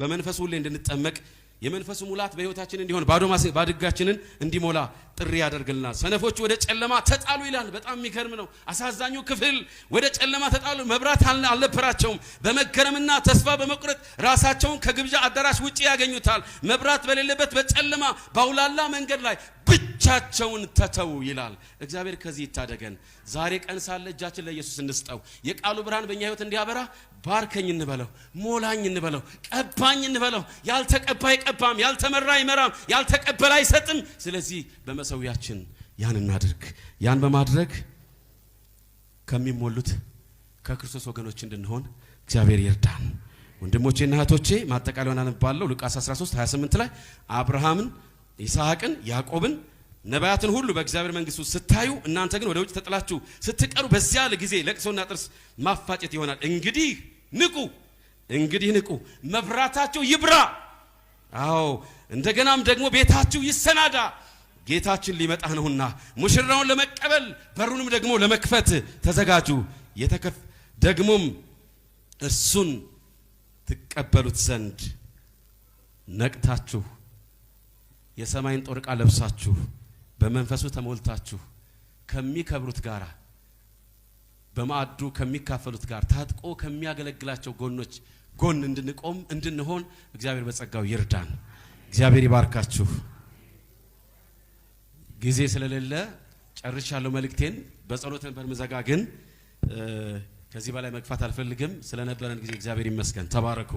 በመንፈስ ሁሌ እንድንጠመቅ የመንፈሱ ሙላት በሕይወታችን እንዲሆን ባዶ ባድጋችንን እንዲሞላ ጥሪ ያደርግልናል። ሰነፎቹ ወደ ጨለማ ተጣሉ ይላል። በጣም የሚገርም ነው። አሳዛኙ ክፍል ወደ ጨለማ ተጣሉ፣ መብራት አልነበራቸውም። በመገረምና ተስፋ በመቁረጥ ራሳቸውን ከግብዣ አዳራሽ ውጭ ያገኙታል። መብራት በሌለበት በጨለማ በአውላላ መንገድ ላይ ብቻቸውን ተተው ይላል። እግዚአብሔር ከዚህ ይታደገን። ዛሬ ቀን ሳለ እጃችን ለኢየሱስ እንስጠው። የቃሉ ብርሃን በእኛ ህይወት እንዲያበራ ባርከኝ እንበለው፣ ሞላኝ እንበለው፣ ቀባኝ እንበለው። ያልተቀባ አይቀባም፣ ያልተመራ አይመራም፣ ያልተቀበለ አይሰጥም። ስለዚህ በመሰዊያችን ያን እናድርግ። ያን በማድረግ ከሚሞሉት ከክርስቶስ ወገኖች እንድንሆን እግዚአብሔር ይርዳን። ወንድሞቼና እህቶቼ ማጠቃለያ ሆናል ባለው ሉቃስ 13 28 ላይ አብርሃምን ይስሐቅን፣ ያዕቆብን፣ ነቢያትን ሁሉ በእግዚአብሔር መንግስት ውስጥ ስታዩ፣ እናንተ ግን ወደ ውጭ ተጥላችሁ ስትቀሩ በዚያ ጊዜ ለቅሶና ጥርስ ማፋጨት ይሆናል። እንግዲህ ንቁ፣ እንግዲህ ንቁ፣ መብራታችሁ ይብራ። አዎ እንደገናም ደግሞ ቤታችሁ ይሰናዳ፣ ጌታችን ሊመጣ ነውና ሙሽራውን ለመቀበል በሩንም ደግሞ ለመክፈት ተዘጋጁ። የተከፍ ደግሞም እርሱን ትቀበሉት ዘንድ ነቅታችሁ የሰማይን ጦር ዕቃ ለብሳችሁ በመንፈሱ ተሞልታችሁ ከሚከብሩት ጋር በማዕዱ ከሚካፈሉት ጋር ታጥቆ ከሚያገለግላቸው ጎኖች ጎን እንድንቆም እንድንሆን እግዚአብሔር በጸጋው ይርዳን። እግዚአብሔር ይባርካችሁ። ጊዜ ስለሌለ ጨርሻለሁ መልእክቴን። በጸሎት ነበር ምዘጋ፣ ግን ከዚህ በላይ መግፋት አልፈልግም። ስለነበረን ጊዜ እግዚአብሔር ይመስገን። ተባረኩ።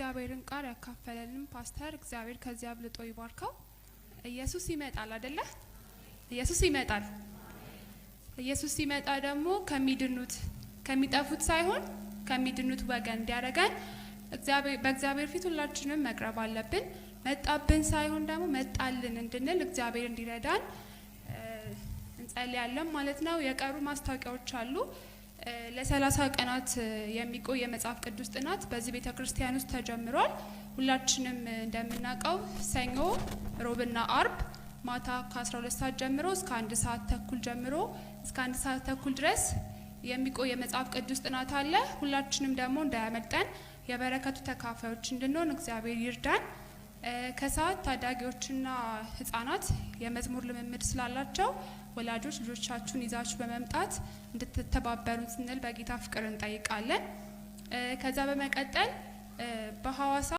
የእግዚአብሔርን ቃል ያካፈለልን ፓስተር እግዚአብሔር ከዚያ አብልጦ ይባርከው። ኢየሱስ ይመጣል አደለ ኢየሱስ ይመጣል። ኢየሱስ ሲመጣ ደግሞ ከሚድኑት ከሚጠፉት ሳይሆን ከሚድኑት ወገን እንዲያደርገን በእግዚአብሔር ፊት ሁላችንም መቅረብ አለብን። መጣብን ሳይሆን ደግሞ መጣልን እንድንል እግዚአብሔር እንዲረዳን እንጸልያለን ማለት ነው። የቀሩ ማስታወቂያዎች አሉ። ለሰላሳ ቀናት የሚቆይ የመጽሐፍ ቅዱስ ጥናት በዚህ ቤተ ክርስቲያን ውስጥ ተጀምሯል። ሁላችንም እንደምናውቀው ሰኞ፣ ሮብና አርብ ማታ ከ12 ሰዓት ጀምሮ እስከ አንድ ሰዓት ተኩል ጀምሮ እስከ አንድ ሰዓት ተኩል ድረስ የሚቆይ የመጽሐፍ ቅዱስ ጥናት አለ። ሁላችንም ደግሞ እንዳያመልጠን የበረከቱ ተካፋዮች እንድንሆን እግዚአብሔር ይርዳን። ከሰዓት ታዳጊዎችና ህጻናት የመዝሙር ልምምድ ስላላቸው ወላጆች ልጆቻችሁን ይዛችሁ በመምጣት እንድትተባበሩን ስንል በጌታ ፍቅር እንጠይቃለን። ከዛ በመቀጠል በሐዋሳ